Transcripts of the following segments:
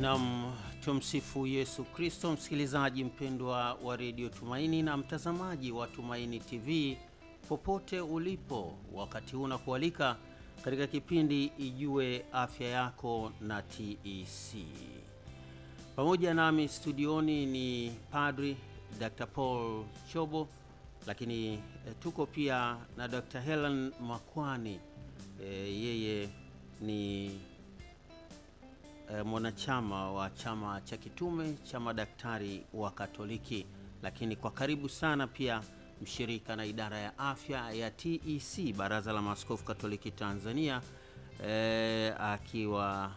Nam, tumsifu Yesu Kristo. Msikilizaji mpendwa wa redio Tumaini na mtazamaji wa Tumaini TV popote ulipo, wakati huu nakualika katika kipindi Ijue Afya Yako na TEC. Pamoja nami studioni ni Padri Dr. Paul Chobo, lakini eh, tuko pia na Dr. Helen Makwani, eh, yeye ni e, mwanachama wa chama cha kitume cha madaktari wa Katoliki, lakini kwa karibu sana pia mshirika na idara ya afya ya TEC, Baraza la Maaskofu Katoliki Tanzania, e, akiwa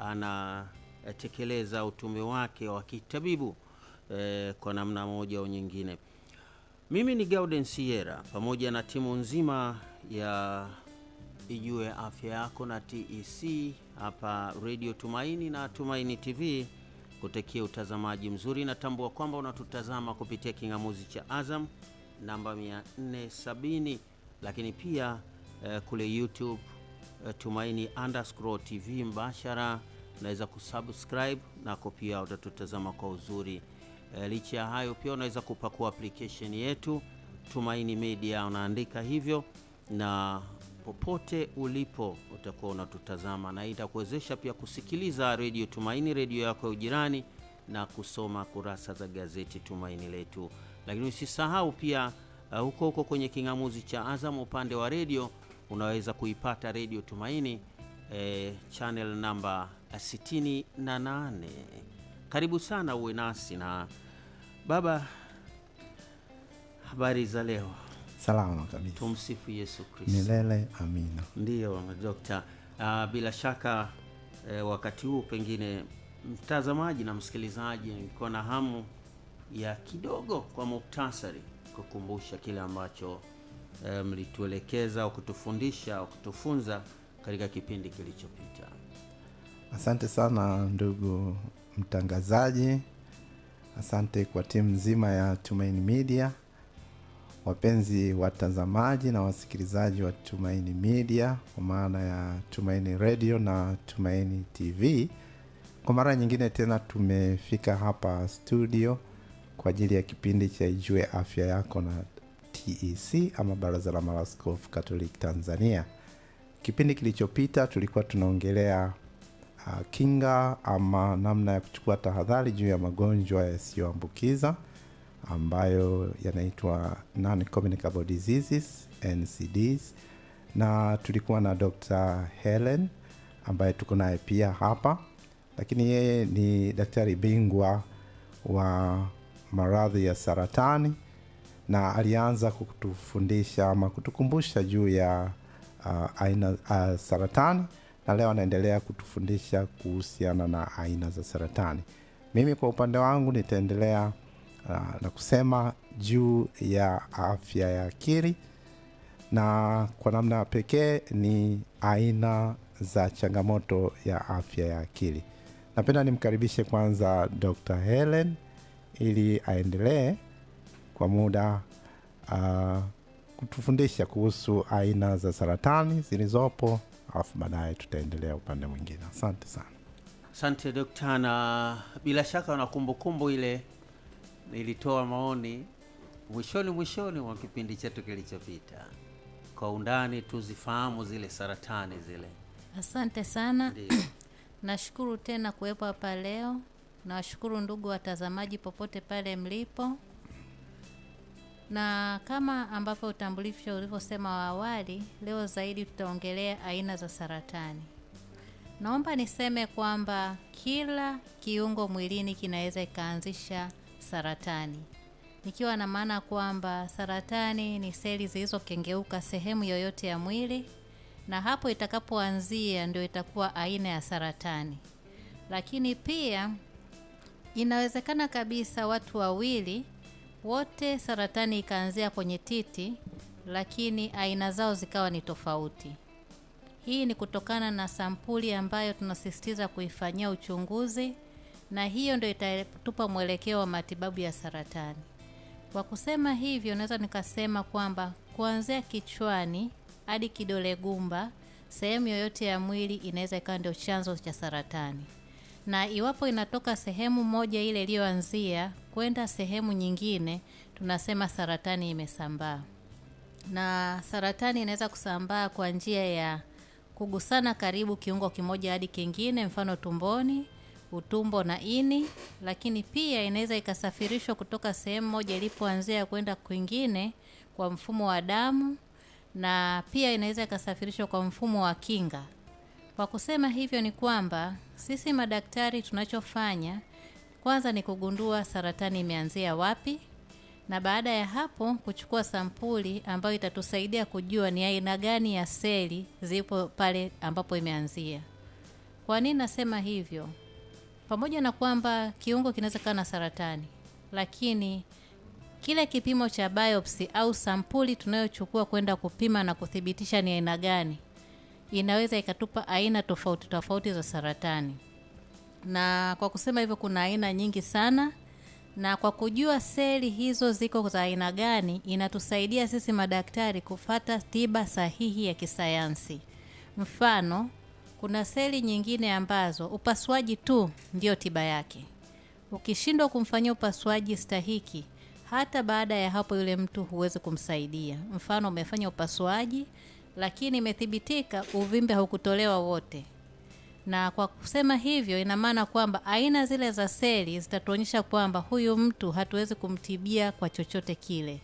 anatekeleza utume wake wa kitabibu e, kwa namna moja au nyingine. Mimi ni Gauden Sierra pamoja na timu nzima ya Ijue Afya Yako na TEC hapa Redio Tumaini na Tumaini TV kutekia utazamaji mzuri. Natambua kwamba unatutazama kupitia king'amuzi cha Azam namba 470, lakini pia eh, kule YouTube eh, Tumaini underscore TV mbashara unaweza kusubscribe nako pia utatutazama kwa uzuri. E, licha ya hayo pia unaweza kupakua application yetu Tumaini Media, unaandika hivyo na popote ulipo utakuwa unatutazama, na itakuwezesha pia kusikiliza redio Tumaini, redio yako ya ujirani, na kusoma kurasa za gazeti Tumaini Letu. Lakini usisahau pia uh, huko huko kwenye king'amuzi cha Azam upande wa redio unaweza kuipata redio Tumaini eh, channel namba 68. Uh, Karibu sana uwe nasi na baba. Habari za leo salama kabisa. Tumsifu Yesu Kristo milele, amina. Ndiyo Dokta. Uh, bila shaka eh, wakati huu pengine mtazamaji na msikilizaji nilikuwa na hamu ya kidogo kwa muktasari kukumbusha kile ambacho eh, mlituelekeza au kutufundisha au kutufunza katika kipindi kilichopita. Asante sana ndugu mtangazaji, asante kwa timu nzima ya Tumaini Media wapenzi watazamaji na wasikilizaji wa Tumaini Media kwa maana ya Tumaini Radio na Tumaini TV. Kwa mara nyingine tena tumefika hapa studio kwa ajili ya kipindi cha Ijue Afya Yako na TEC ama Baraza la Maaskofu katolik Tanzania. Kipindi kilichopita tulikuwa tunaongelea uh, kinga ama namna ya kuchukua tahadhari juu ya magonjwa yasiyoambukiza ambayo yanaitwa non-communicable diseases NCDs, na tulikuwa na Dr. Helen ambaye tuko naye pia hapa, lakini yeye ni daktari bingwa wa maradhi ya saratani na alianza kutufundisha ama kutukumbusha juu ya uh, aina uh, saratani na leo anaendelea kutufundisha kuhusiana na aina za saratani. Mimi kwa upande wangu nitaendelea Ah, na kusema juu ya afya ya akili, na kwa namna pekee ni aina za changamoto ya afya ya akili. Napenda nimkaribishe kwanza Dr. Helen ili aendelee kwa muda uh, kutufundisha kuhusu aina za saratani zilizopo, alafu baadaye tutaendelea upande mwingine. Asante sana. Asante dokta, na bila shaka na kumbukumbu ile nilitoa maoni mwishoni mwishoni mwa kipindi chetu kilichopita. Kwa undani tuzifahamu zile saratani zile. Asante sana. Nashukuru tena kuwepo hapa leo. Nawashukuru ndugu watazamaji popote pale mlipo, na kama ambavyo utambulisho ulivyosema wa awali, leo zaidi tutaongelea aina za saratani. Naomba niseme kwamba kila kiungo mwilini kinaweza ikaanzisha saratani nikiwa na maana kwamba saratani ni seli zilizokengeuka sehemu yoyote ya mwili na hapo itakapoanzia ndio itakuwa aina ya saratani lakini pia inawezekana kabisa watu wawili wote saratani ikaanzia kwenye titi lakini aina zao zikawa ni tofauti hii ni kutokana na sampuli ambayo tunasisitiza kuifanyia uchunguzi na hiyo ndio itatupa mwelekeo wa matibabu ya saratani. Kwa kusema hivyo, naweza nikasema kwamba kuanzia kichwani hadi kidole gumba, sehemu yoyote ya mwili inaweza ikawa ndio chanzo cha saratani, na iwapo inatoka sehemu moja ile iliyoanzia kwenda sehemu nyingine, tunasema saratani imesambaa. Na saratani inaweza kusambaa kwa njia ya kugusana karibu kiungo kimoja hadi kingine, mfano tumboni utumbo na ini, lakini pia inaweza ikasafirishwa kutoka sehemu moja ilipoanzia kwenda kwingine kwa mfumo wa damu, na pia inaweza ikasafirishwa kwa mfumo wa kinga. Kwa kusema hivyo, ni kwamba sisi madaktari tunachofanya kwanza ni kugundua saratani imeanzia wapi, na baada ya hapo kuchukua sampuli ambayo itatusaidia kujua ni aina gani ya seli zipo pale ambapo imeanzia. Kwa nini nasema hivyo? pamoja na kwamba kiungo kinaweza kuwa na saratani, lakini kile kipimo cha biopsy au sampuli tunayochukua kwenda kupima na kuthibitisha ni aina gani, inaweza ikatupa aina tofauti tofauti za saratani. Na kwa kusema hivyo, kuna aina nyingi sana, na kwa kujua seli hizo ziko za aina gani, inatusaidia sisi madaktari kufata tiba sahihi ya kisayansi. Mfano, kuna seli nyingine ambazo upasuaji tu ndio tiba yake. Ukishindwa kumfanyia upasuaji stahiki, hata baada ya hapo yule mtu huwezi kumsaidia. Mfano, umefanya upasuaji lakini imethibitika uvimbe haukutolewa wote, na kwa kusema hivyo, ina maana kwamba aina zile za seli zitatuonyesha kwamba huyu mtu hatuwezi kumtibia kwa chochote kile.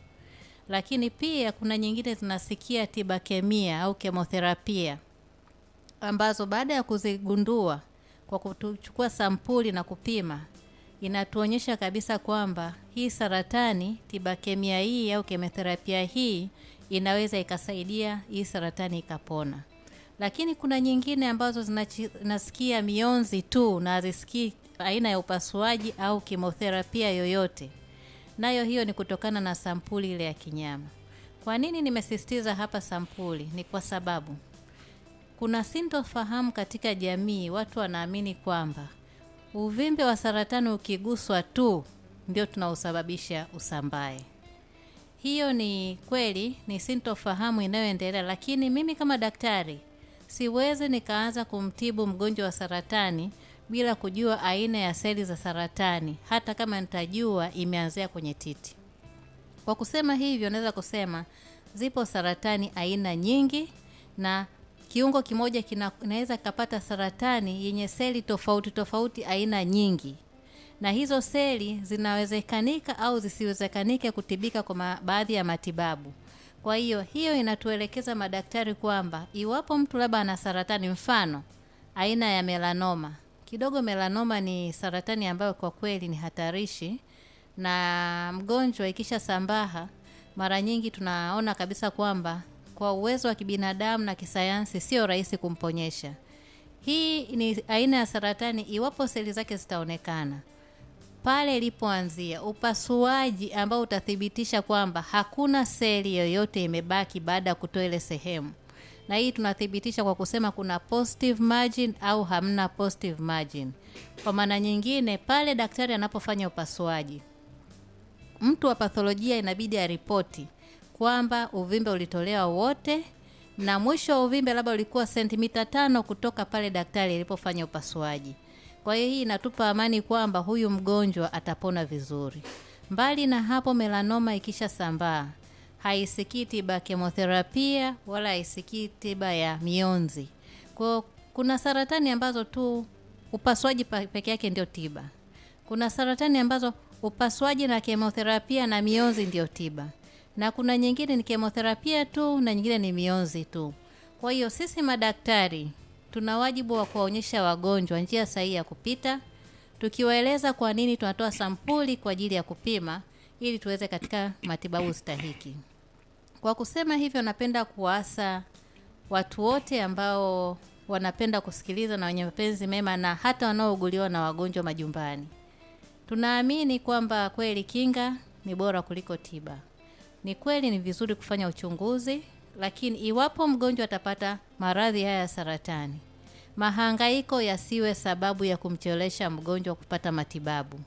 Lakini pia kuna nyingine zinasikia tiba kemia au kemotherapia ambazo baada ya kuzigundua kwa kuchukua sampuli na kupima inatuonyesha kabisa kwamba hii saratani tiba kemia hii au kemotherapia hii inaweza ikasaidia hii saratani ikapona. Lakini kuna nyingine ambazo zinasikia mionzi tu na hazisikii aina ya upasuaji au kimotherapia yoyote, nayo hiyo ni kutokana na sampuli ile ya kinyama. Kwa nini nimesistiza hapa sampuli? Ni kwa sababu kuna sintofahamu katika jamii, watu wanaamini kwamba uvimbe wa saratani ukiguswa tu ndio tunaosababisha usambae. Hiyo ni kweli, ni sintofahamu inayoendelea, lakini mimi kama daktari siwezi nikaanza kumtibu mgonjwa wa saratani bila kujua aina ya seli za saratani, hata kama nitajua imeanzia kwenye titi. Kwa kusema hivyo, naweza kusema zipo saratani aina nyingi na kiungo kimoja kinaweza kikapata saratani yenye seli tofauti tofauti aina nyingi, na hizo seli zinawezekanika au zisiwezekanike kutibika kwa baadhi ya matibabu. Kwa hiyo hiyo inatuelekeza madaktari kwamba iwapo mtu labda ana saratani, mfano aina ya melanoma. Kidogo melanoma ni saratani ambayo kwa kweli ni hatarishi, na mgonjwa ikisha sambaha, mara nyingi tunaona kabisa kwamba kwa uwezo wa kibinadamu na kisayansi sio rahisi kumponyesha. Hii ni aina ya saratani iwapo seli zake zitaonekana pale ilipoanzia. Upasuaji ambao utathibitisha kwamba hakuna seli yoyote imebaki baada ya kutoa ile sehemu, na hii tunathibitisha kwa kusema kuna positive margin au hamna positive margin. Kwa maana nyingine, pale daktari anapofanya upasuaji, mtu wa patholojia inabidi aripoti kwamba uvimbe ulitolewa wote na mwisho wa uvimbe labda ulikuwa sentimita tano kutoka pale daktari alipofanya upasuaji. Kwa hiyo hii inatupa amani kwamba huyu mgonjwa atapona vizuri. Mbali na hapo, melanoma ikisha sambaa haisikii tiba kemoterapia wala haisikii tiba ya mionzi. Kwa kuna saratani ambazo tu upasuaji peke yake ndio tiba. Kuna saratani ambazo upasuaji na kemotherapia na mionzi ndio tiba na kuna nyingine ni kemotherapia tu na nyingine ni mionzi tu. Kwa hiyo sisi madaktari tuna wajibu wa kuwaonyesha wagonjwa njia sahihi ya kupita, tukiwaeleza kwa nini tunatoa sampuli kwa ajili ya kupima ili tuweze katika matibabu stahiki. Kwa kusema hivyo, napenda kuwaasa watu wote ambao wanapenda kusikiliza na wenye mapenzi mema na hata wanaouguliwa na wagonjwa majumbani. Tunaamini kwamba kweli kinga ni bora kuliko tiba. Ni kweli ni vizuri kufanya uchunguzi, lakini iwapo mgonjwa atapata maradhi haya ya saratani, mahangaiko yasiwe sababu ya kumchelesha mgonjwa kupata matibabu.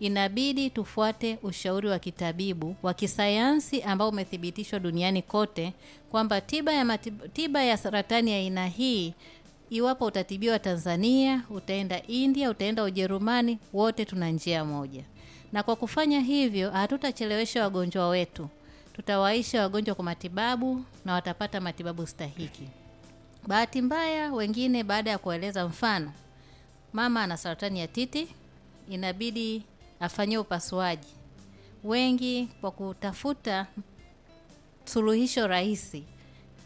Inabidi tufuate ushauri wa kitabibu wa kisayansi ambao umethibitishwa duniani kote kwamba tiba ya, tiba ya saratani ya aina hii iwapo utatibiwa Tanzania, utaenda India, utaenda Ujerumani, wote tuna njia moja, na kwa kufanya hivyo hatutachelewesha wagonjwa wetu tutawaisha wagonjwa kwa matibabu na watapata matibabu stahiki. Bahati mbaya, wengine baada ya kueleza, mfano mama ana saratani ya titi, inabidi afanyie upasuaji. Wengi kwa kutafuta suluhisho rahisi,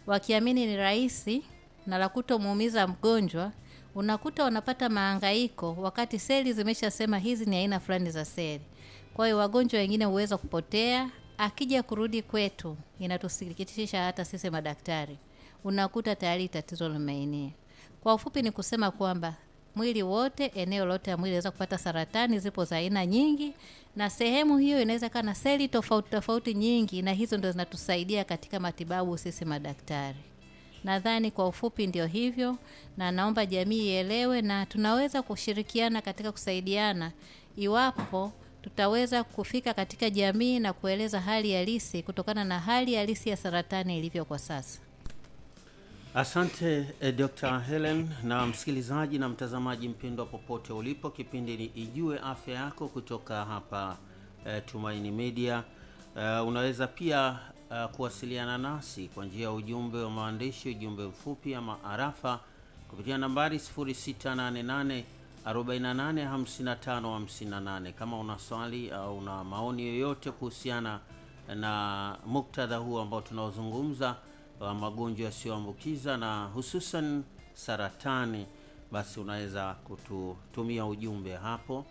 wakiamini ni rahisi na la kutomuumiza mgonjwa, unakuta wanapata mahangaiko, wakati seli zimeshasema hizi ni aina fulani za seli. Kwa hiyo wagonjwa wengine huweza kupotea akija kurudi kwetu inatusikitisha hata sisi madaktari, unakuta tayari tatizo limeenea. Kwa ufupi ni kusema kwamba mwili wote, eneo lote la mwili kupata saratani. Zipo za aina nyingi, na sehemu hiyo inaweza kaa na seli tofauti tofauti nyingi, na hizo ndio zinatusaidia katika matibabu sisi madaktari. Nadhani kwa ufupi ndio hivyo, na naomba jamii ielewe, na tunaweza kushirikiana katika kusaidiana iwapo tutaweza kufika katika jamii na kueleza hali halisi kutokana na hali halisi ya saratani ilivyo kwa sasa. Asante eh, Dr. Helen na msikilizaji na mtazamaji mpendwa popote ulipo, kipindi ni Ijue Afya Yako kutoka hapa eh, Tumaini Media. Eh, unaweza pia eh, kuwasiliana nasi kwa njia ya ujumbe wa maandishi, ujumbe mfupi ama arafa kupitia nambari 0688 485558 kama una swali au uh, una maoni yoyote kuhusiana na muktadha huu ambao tunaozungumza wa uh, magonjwa yasiyoambukiza na hususan saratani, basi unaweza kututumia ujumbe hapo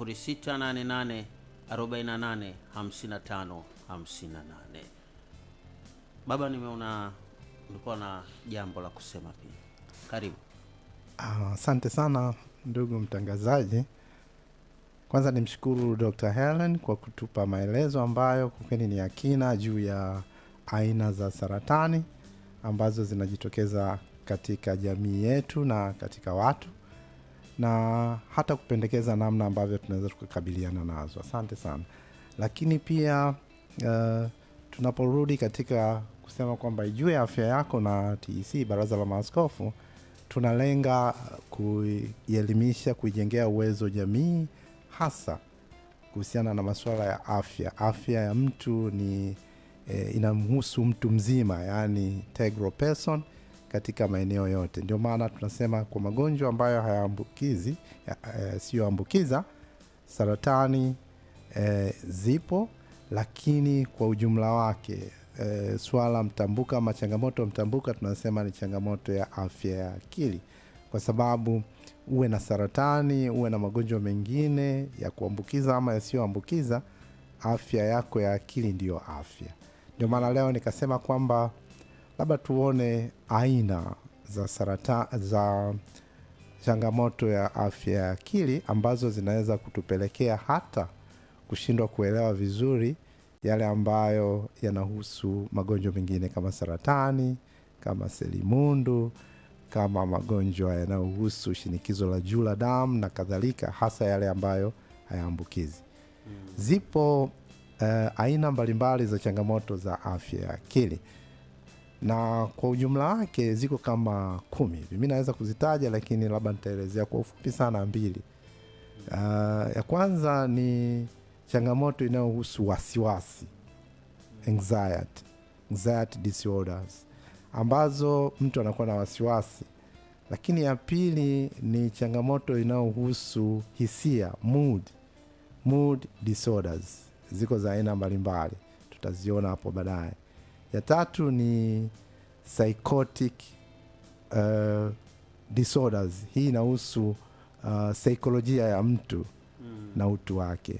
0688 58. Baba, nimeona ulikuwa na jambo la kusema pia, karibu. Asante uh, sana ndugu mtangazaji. Kwanza nimshukuru Dr. Helen kwa kutupa maelezo ambayo kwa ni akina juu ya aina za saratani ambazo zinajitokeza katika jamii yetu na katika watu na hata kupendekeza namna ambavyo tunaweza tukakabiliana nazo. Asante sana. Lakini pia uh, tunaporudi katika kusema kwamba juu ya afya yako na tc baraza la maaskofu tunalenga kuielimisha, kuijengea uwezo jamii, hasa kuhusiana na masuala ya afya. Afya ya mtu ni e, inamhusu mtu mzima, yani person katika maeneo yote. Ndio maana tunasema kwa magonjwa ambayo hayaambukizi e, eh, siyoambukiza, saratani e, zipo, lakini kwa ujumla wake e, swala mtambuka ama changamoto mtambuka, tunasema ni changamoto ya afya ya akili, kwa sababu uwe na saratani, uwe na magonjwa mengine ya kuambukiza ama yasiyoambukiza, afya yako ya akili ndiyo afya. Ndio maana leo nikasema kwamba labda tuone aina za sarata, za changamoto ya afya ya akili ambazo zinaweza kutupelekea hata kushindwa kuelewa vizuri yale ambayo yanahusu magonjwa mengine kama saratani, kama selimundu, kama magonjwa yanayohusu shinikizo la juu la damu na kadhalika, hasa yale ambayo hayaambukizi. Mm. Zipo uh, aina mbalimbali za changamoto za afya ya akili na kwa ujumla wake ziko kama kumi hivi. Mi naweza kuzitaja, lakini labda nitaelezea kwa ufupi sana mbili. Uh, ya kwanza ni changamoto inayohusu wasiwasi anxiety, anxiety disorders ambazo mtu anakuwa na wasiwasi. Lakini ya pili ni changamoto inayohusu hisia mood, mood disorders ziko za aina mbalimbali, tutaziona hapo baadaye. Ya tatu ni psychotic uh, disorders. Hii inahusu uh, saikolojia ya mtu mm. na utu wake.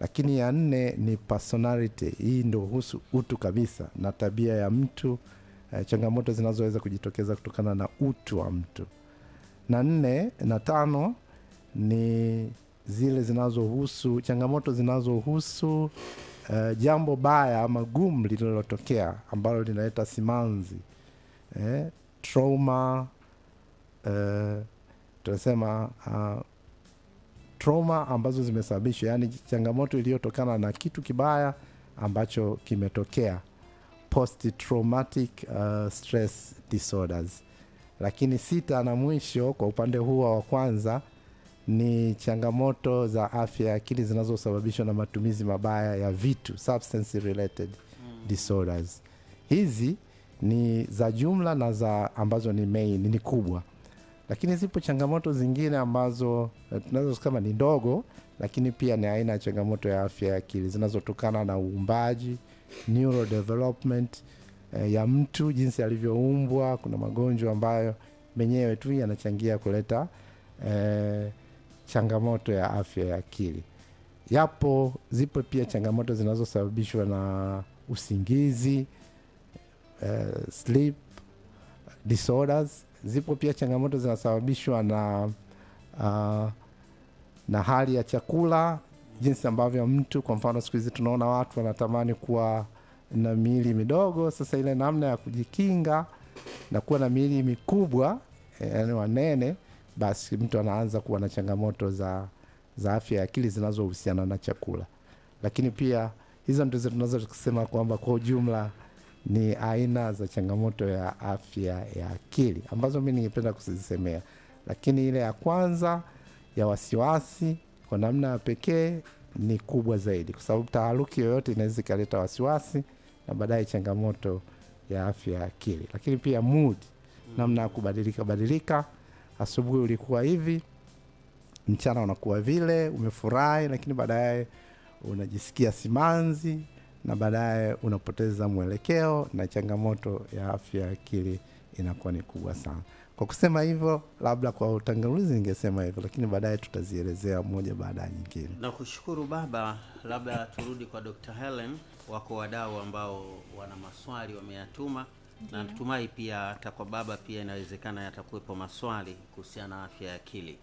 Lakini ya nne ni personality. Hii ndo husu utu kabisa na tabia ya mtu eh, changamoto zinazoweza kujitokeza kutokana na utu wa mtu. Na nne na tano ni zile zinazohusu changamoto zinazohusu uh, jambo baya ama gumu lililotokea ambalo linaleta simanzi eh, trauma eh, tunasema uh, trauma ambazo zimesababishwa, yani changamoto iliyotokana na kitu kibaya ambacho kimetokea, post traumatic uh, stress disorders. Lakini sita na mwisho kwa upande huo wa kwanza ni changamoto za afya ya akili zinazosababishwa na matumizi mabaya ya vitu, substance related mm. disorders. Hizi ni za jumla na za ambazo ni main, ni kubwa lakini zipo changamoto zingine ambazo eh, tunazosema ni ndogo, lakini pia ni aina ya changamoto ya afya ya akili zinazotokana na uumbaji neurodevelopment eh, ya mtu jinsi alivyoumbwa. Kuna magonjwa ambayo menyewe tu yanachangia kuleta eh, changamoto ya afya ya akili. Yapo, zipo pia changamoto zinazosababishwa na usingizi eh, sleep disorders Zipo pia changamoto zinasababishwa na uh, na hali ya chakula, jinsi ambavyo mtu, kwa mfano, siku hizi tunaona watu wanatamani kuwa na miili midogo. Sasa ile namna ya kujikinga na kuwa na miili mikubwa, eh, yani wanene, basi mtu anaanza kuwa na changamoto za, za afya ya akili zinazohusiana na chakula. Lakini pia hizo ndizo tunazo kusema kwamba kwa ujumla ni aina za changamoto ya afya ya akili ambazo mi ningependa kuzisemea, lakini ile ya kwanza ya wasiwasi kwa namna ya pekee ni kubwa zaidi, kwa sababu taharuki yoyote inaweza ikaleta wasiwasi na baadaye changamoto ya afya ya akili. Lakini pia mood, namna ya kubadilika badilika, asubuhi ulikuwa hivi, mchana unakuwa vile, umefurahi, lakini baadaye unajisikia simanzi na baadaye unapoteza mwelekeo na changamoto ya afya ya akili inakuwa ni kubwa sana. Kwa kusema hivyo, labda kwa utangulizi ningesema hivyo, lakini baadaye tutazielezea moja baada ya nyingine. Na kushukuru baba, labda turudi kwa Dr. Helen. Wako wadau ambao wana maswali wameyatuma, na natumai pia hata kwa baba pia inawezekana yatakuwepo maswali kuhusiana na afya ya akili.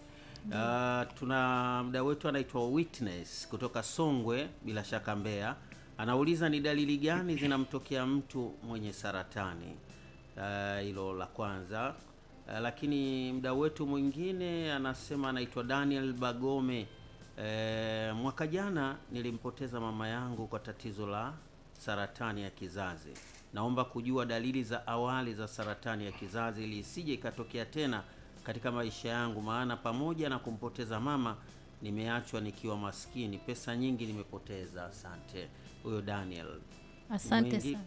Uh, tuna mda wetu anaitwa Witness kutoka Songwe, bila shaka Mbeya. Anauliza ni dalili gani zinamtokea mtu mwenye saratani. Eh, hilo uh, la kwanza uh, lakini mdau wetu mwingine anasema anaitwa Daniel Bagome. Uh, mwaka jana nilimpoteza mama yangu kwa tatizo la saratani ya kizazi. Naomba kujua dalili za awali za saratani ya kizazi ili isije ikatokea tena katika maisha yangu, maana pamoja na kumpoteza mama nimeachwa nikiwa maskini, pesa nyingi nimepoteza. Asante huyo Daniel. Asante Mwingi, sana.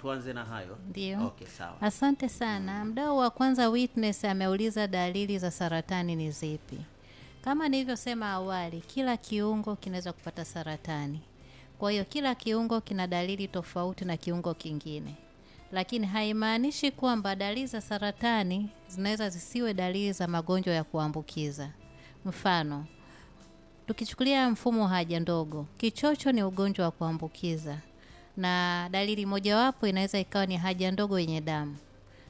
Tuanze na hayo. Ndio. Okay, sawa. Asante sana. Mm. mdao wa kwanza Witness ameuliza dalili za saratani ni zipi? Kama nilivyosema awali, kila kiungo kinaweza kupata saratani. Kwa hiyo kila kiungo kina dalili tofauti na kiungo kingine, lakini haimaanishi kwamba dalili za saratani zinaweza zisiwe dalili za magonjwa ya kuambukiza. Mfano, Tukichukulia mfumo wa haja ndogo, kichocho ni ugonjwa wa kuambukiza na dalili mojawapo inaweza ikawa ni haja ndogo yenye damu.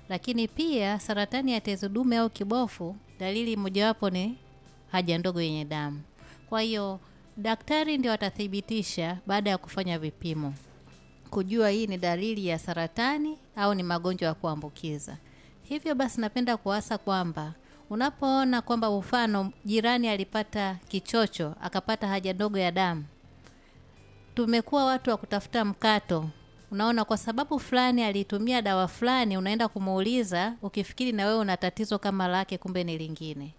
Lakini pia saratani ya tezi dume au kibofu, dalili mojawapo ni haja ndogo yenye damu. Kwa hiyo daktari ndio atathibitisha baada ya kufanya vipimo kujua hii ni dalili ya saratani au ni magonjwa ya kuambukiza. Hivyo basi, napenda kuasa kwamba Unapoona kwamba mfano jirani alipata kichocho akapata haja ndogo ya damu, tumekuwa watu wa kutafuta mkato. Unaona, kwa sababu fulani alitumia dawa fulani, unaenda kumuuliza ukifikiri na wewe una tatizo kama lake, kumbe ni lingine.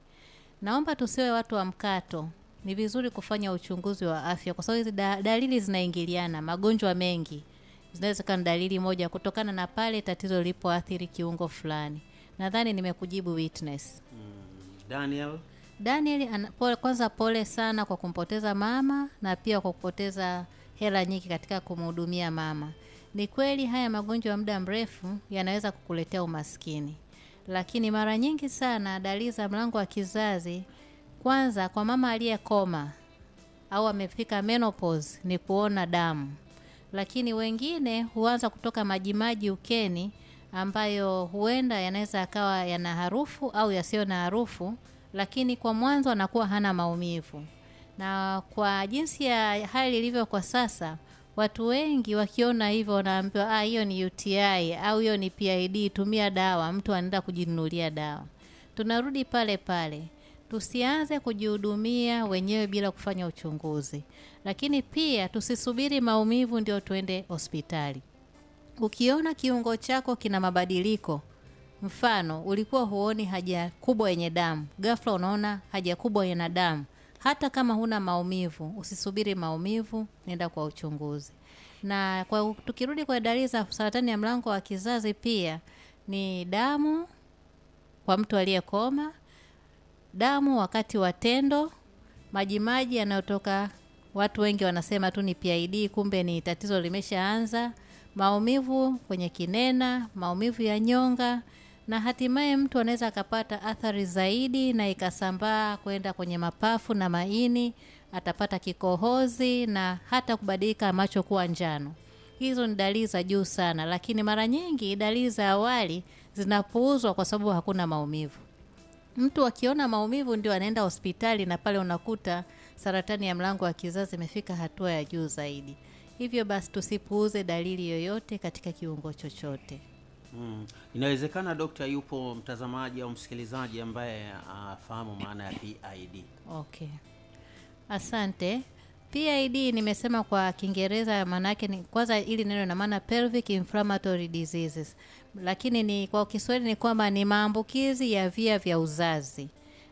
Naomba tusiwe watu wa mkato. Ni vizuri kufanya uchunguzi wa afya, kwa sababu hizi da, dalili zinaingiliana. Magonjwa mengi zinaweza kuwa dalili moja kutokana na pale tatizo lilipoathiri kiungo fulani. Nadhani nimekujibu witness. Daniel. Daniel ana, pole, kwanza pole sana kwa kumpoteza mama na pia kwa kupoteza hela nyingi katika kumhudumia mama. Ni kweli haya magonjwa ya muda mrefu yanaweza kukuletea umaskini, lakini mara nyingi sana dalili za mlango wa kizazi, kwanza kwa mama aliyekoma au amefika menopause, ni kuona damu, lakini wengine huanza kutoka majimaji ukeni ambayo huenda yanaweza yakawa yana harufu au yasiyo na harufu, lakini kwa mwanzo anakuwa hana maumivu. Na kwa jinsi ya hali ilivyo kwa sasa, watu wengi wakiona hivyo wanaambiwa ah, hiyo ni UTI au hiyo ni PID, tumia dawa. Mtu anaenda kujinunulia dawa. Tunarudi pale pale, tusianze kujihudumia wenyewe bila kufanya uchunguzi, lakini pia tusisubiri maumivu ndio tuende hospitali. Ukiona kiungo chako kina mabadiliko, mfano ulikuwa huoni haja kubwa yenye damu, ghafla unaona haja kubwa yenye damu, hata kama huna maumivu, usisubiri maumivu, nenda kwa uchunguzi. Na kwa tukirudi kwa dalili za saratani ya mlango wa kizazi, pia ni damu kwa mtu aliyekoma, damu wakati wa tendo, majimaji yanayotoka. Watu wengi wanasema tu ni PID, kumbe ni tatizo limeshaanza maumivu kwenye kinena, maumivu ya nyonga, na hatimaye mtu anaweza akapata athari zaidi na ikasambaa kwenda kwenye mapafu na maini, atapata kikohozi na hata kubadilika macho kuwa njano. Hizo ni dalili za juu sana, lakini mara nyingi dalili za awali zinapuuzwa kwa sababu hakuna maumivu. Mtu akiona maumivu ndio anaenda hospitali, na pale unakuta saratani ya mlango wa kizazi imefika hatua ya juu zaidi. Hivyo basi tusipuuze dalili yoyote katika kiungo chochote. Hmm. Inawezekana dokta, yupo mtazamaji au msikilizaji ambaye afahamu uh, maana ya PID. Okay. Asante. PID nimesema kwa Kiingereza maana yake ni kwanza, ili neno na maana pelvic inflammatory diseases, lakini ni kwa Kiswahili ni kwamba ni maambukizi ya via vya uzazi,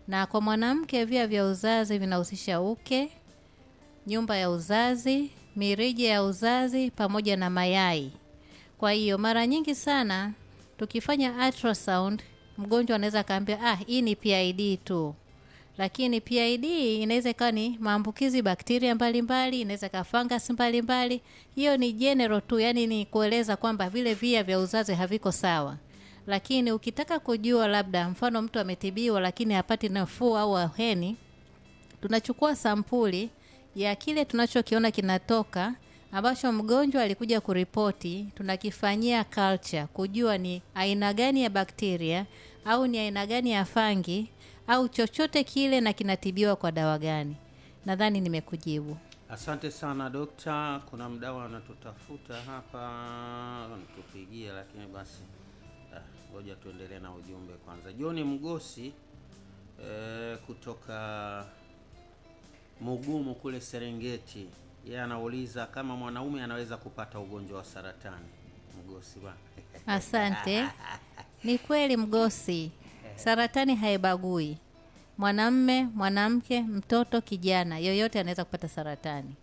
na kwa mwanamke via vya uzazi vinahusisha uke, nyumba ya uzazi, mirija ya uzazi pamoja na mayai. Kwa hiyo mara nyingi sana tukifanya ultrasound, mgonjwa anaweza akaambia ah, hii ni PID tu, lakini PID inaweza ikawa ni maambukizi bakteria mbalimbali, inaweza ikawa fungus mbalimbali. Hiyo ni general tu, yani ni kueleza kwamba vile via vya uzazi haviko sawa. Lakini ukitaka kujua, labda mfano mtu ametibiwa lakini hapati nafuu au aheni tunachukua sampuli ya kile tunachokiona kinatoka ambacho mgonjwa alikuja kuripoti, tunakifanyia culture kujua ni aina gani ya bakteria au ni aina gani ya fangi au chochote kile na kinatibiwa kwa dawa gani. Nadhani nimekujibu. Asante sana dokta. Kuna mdawa anatutafuta hapa, anatupigia lakini basi ah, ngoja ah, tuendelee na ujumbe kwanza. joni Mgosi eh, kutoka Mugumu kule Serengeti, yeye anauliza kama mwanaume anaweza kupata ugonjwa wa saratani. Mgosi wa asante. Ni kweli Mgosi, saratani haibagui mwanamme, mwanamke, mtoto, kijana, yoyote anaweza kupata saratani,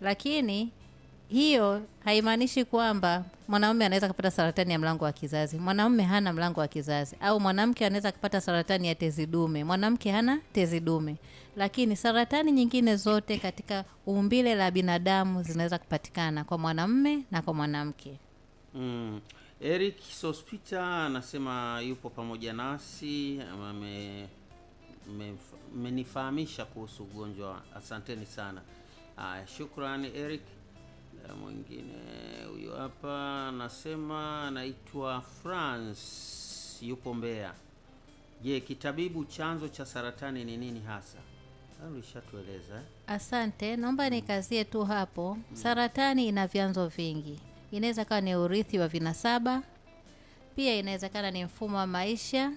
lakini hiyo haimaanishi kwamba mwanaume anaweza kupata saratani ya mlango wa kizazi. Mwanaume hana mlango wa kizazi, au mwanamke anaweza kupata saratani ya tezi dume, mwanamke hana tezi dume. Lakini saratani nyingine zote katika umbile la binadamu zinaweza kupatikana kwa mwanamume na kwa mwanamke. Mm. Eric Sospita anasema yupo pamoja nasi, amenifahamisha kuhusu ugonjwa. Asanteni sana. Aya, shukrani Eric. Eh, mwingine huyo hapa anasema anaitwa France, yupo Mbeya. Je, kitabibu chanzo cha saratani ni nini hasa? Ulishatueleza. Eh. Asante, naomba mm. nikazie tu hapo hmm. Saratani ina vyanzo vingi, inaweza kawa ni urithi wa vinasaba, pia inawezekana ni mfumo wa maisha,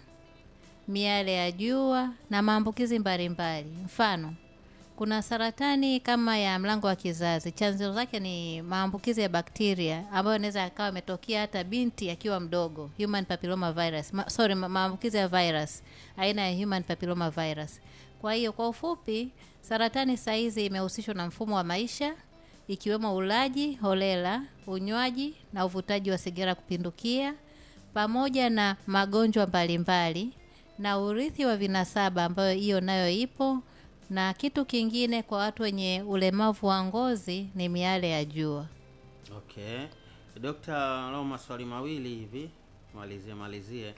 miale ya jua na maambukizi mbalimbali, mfano kuna saratani kama ya mlango wa kizazi, chanzo zake ni maambukizi ya bakteria ambayo anaweza akawa ametokea hata binti akiwa mdogo, human papilloma virus ma, sorry, maambukizi ya virus aina ya human papilloma virus. Kwa hiyo kwa ufupi, saratani saizi imehusishwa na mfumo wa maisha ikiwemo ulaji holela, unywaji na uvutaji wa sigara kupindukia, pamoja na magonjwa mbalimbali na urithi wa vinasaba ambayo hiyo nayo ipo na kitu kingine kwa watu wenye ulemavu wa ngozi ni miale ya jua. Okay. Dokta, lao maswali mawili hivi malizie malizie.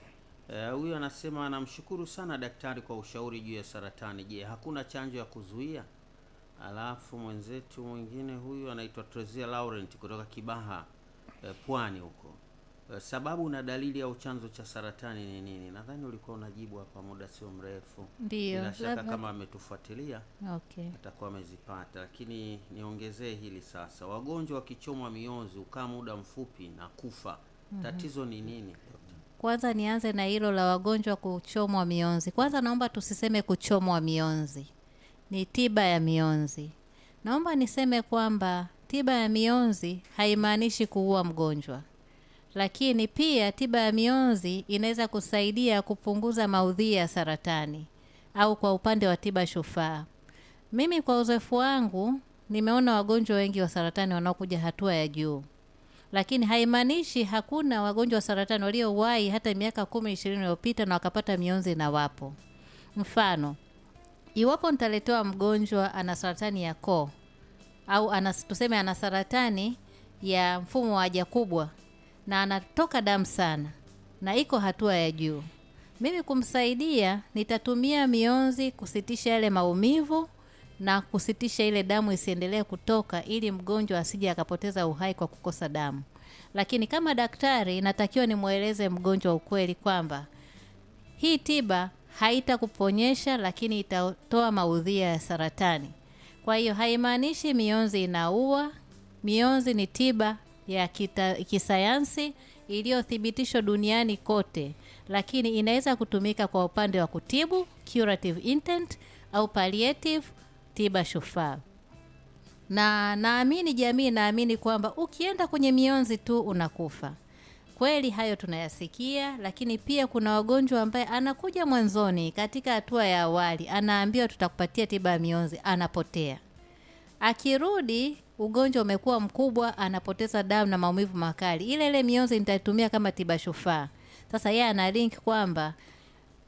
Eh, huyu uh, anasema anamshukuru sana daktari kwa ushauri juu ya saratani. Je, hakuna chanjo ya kuzuia? Alafu mwenzetu mwingine huyu anaitwa Trezia Laurent kutoka Kibaha, uh, Pwani huko Eh, sababu na dalili au chanzo cha saratani ni nini? Nadhani ulikuwa unajibu hapa muda sio mrefu. Ndio, bila shaka kama ametufuatilia okay, atakuwa amezipata, lakini niongezee hili sasa. Wagonjwa wakichomwa mionzi ukaa muda mfupi na kufa, mm -hmm. tatizo ni nini? Kwanza nianze na hilo la wagonjwa kuchomwa mionzi. Kwanza naomba tusiseme kuchomwa mionzi ni tiba ya mionzi. Naomba niseme kwamba tiba ya mionzi haimaanishi kuua mgonjwa lakini pia tiba ya mionzi inaweza kusaidia kupunguza maudhi ya saratani au kwa upande wa tiba shufaa. Mimi kwa uzoefu wangu nimeona wagonjwa wengi wa saratani wanaokuja hatua ya juu, lakini haimaanishi hakuna wagonjwa wa saratani waliowahi hata miaka kumi ishirini iliyopita na wakapata mionzi na wapo. Mfano, iwapo nitaletewa mgonjwa ana saratani ya koo au anas, tuseme ana saratani ya mfumo wa haja kubwa na anatoka damu sana na iko hatua ya juu. Mimi kumsaidia nitatumia mionzi kusitisha yale maumivu na kusitisha ile damu isiendelee kutoka ili mgonjwa asije akapoteza uhai kwa kukosa damu. Lakini kama daktari natakiwa nimweleze mgonjwa ukweli kwamba hii tiba haitakuponyesha lakini itatoa maudhia ya saratani. Kwa hiyo haimaanishi mionzi inaua, mionzi ni tiba ya kita, kisayansi iliyothibitishwa duniani kote, lakini inaweza kutumika kwa upande wa kutibu curative intent au palliative tiba shufaa. Na naamini jamii naamini kwamba ukienda kwenye mionzi tu unakufa. Kweli hayo tunayasikia, lakini pia kuna wagonjwa ambaye anakuja mwanzoni katika hatua ya awali, anaambiwa tutakupatia tiba ya mionzi, anapotea. Akirudi ugonjwa umekuwa mkubwa, anapoteza damu na maumivu makali. Ile ile mionzi nitatumia kama tiba shufaa. Sasa yeye ana link kwamba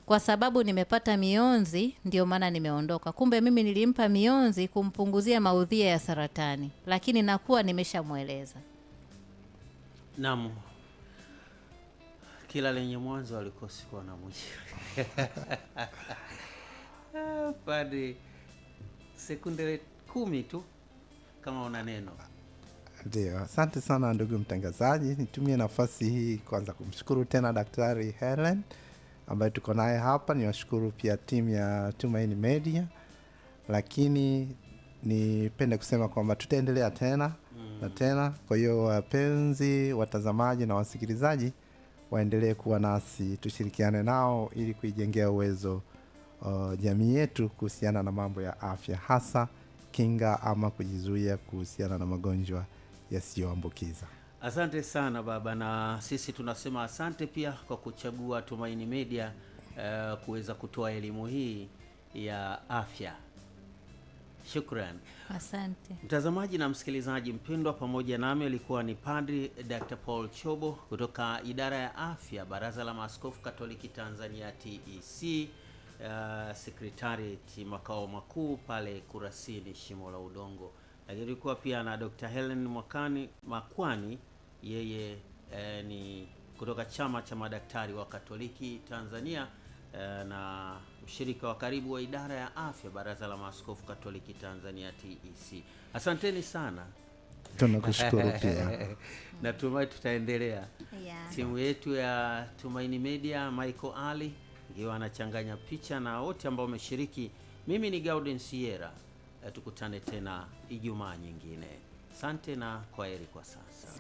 kwa sababu nimepata mionzi ndio maana nimeondoka. Kumbe mimi nilimpa mionzi kumpunguzia maudhia ya saratani, lakini nakuwa nimeshamweleza. Naam, kila lenye mwanzo alikosi kuwa na mwisho. Eh, Pande sekunde kumi tu kama una neno. Ndio, asante sana ndugu mtangazaji. Nitumie nafasi hii kwanza kumshukuru tena Daktari Helen ambaye tuko naye hapa. Niwashukuru pia timu ya Tumaini Media, lakini nipende kusema kwamba tutaendelea tena mm. na tena. Kwa hiyo wapenzi watazamaji na wasikilizaji waendelee kuwa nasi, tushirikiane nao ili kuijengea uwezo uh, jamii yetu kuhusiana na mambo ya afya hasa kujikinga ama kujizuia kuhusiana na magonjwa yasiyoambukiza asante sana baba na sisi tunasema asante pia kwa kuchagua tumaini media uh, kuweza kutoa elimu hii ya afya shukran asante mtazamaji na msikilizaji mpendwa pamoja nami alikuwa ni padri dr paul chobo kutoka idara ya afya baraza la maaskofu katoliki tanzania tec uh, Secretariat makao makuu pale Kurasini, shimo la udongo. Lakini tulikuwa pia na Dr. Helen Mwakani Makwani, yeye eh, ni kutoka chama cha madaktari wa Katoliki Tanzania eh, na mshirika wa karibu wa idara ya afya Baraza la Maaskofu Katoliki Tanzania TEC. Asanteni sana. Tunakushukuru pia. Natumai tutaendelea. Yeah. Timu yetu ya Tumaini Media Michael Ali akiwa anachanganya picha na wote ambao wameshiriki. Mimi ni Gauden Sierra, eh, tukutane tena Ijumaa nyingine. sante na kwaheri kwa sasa.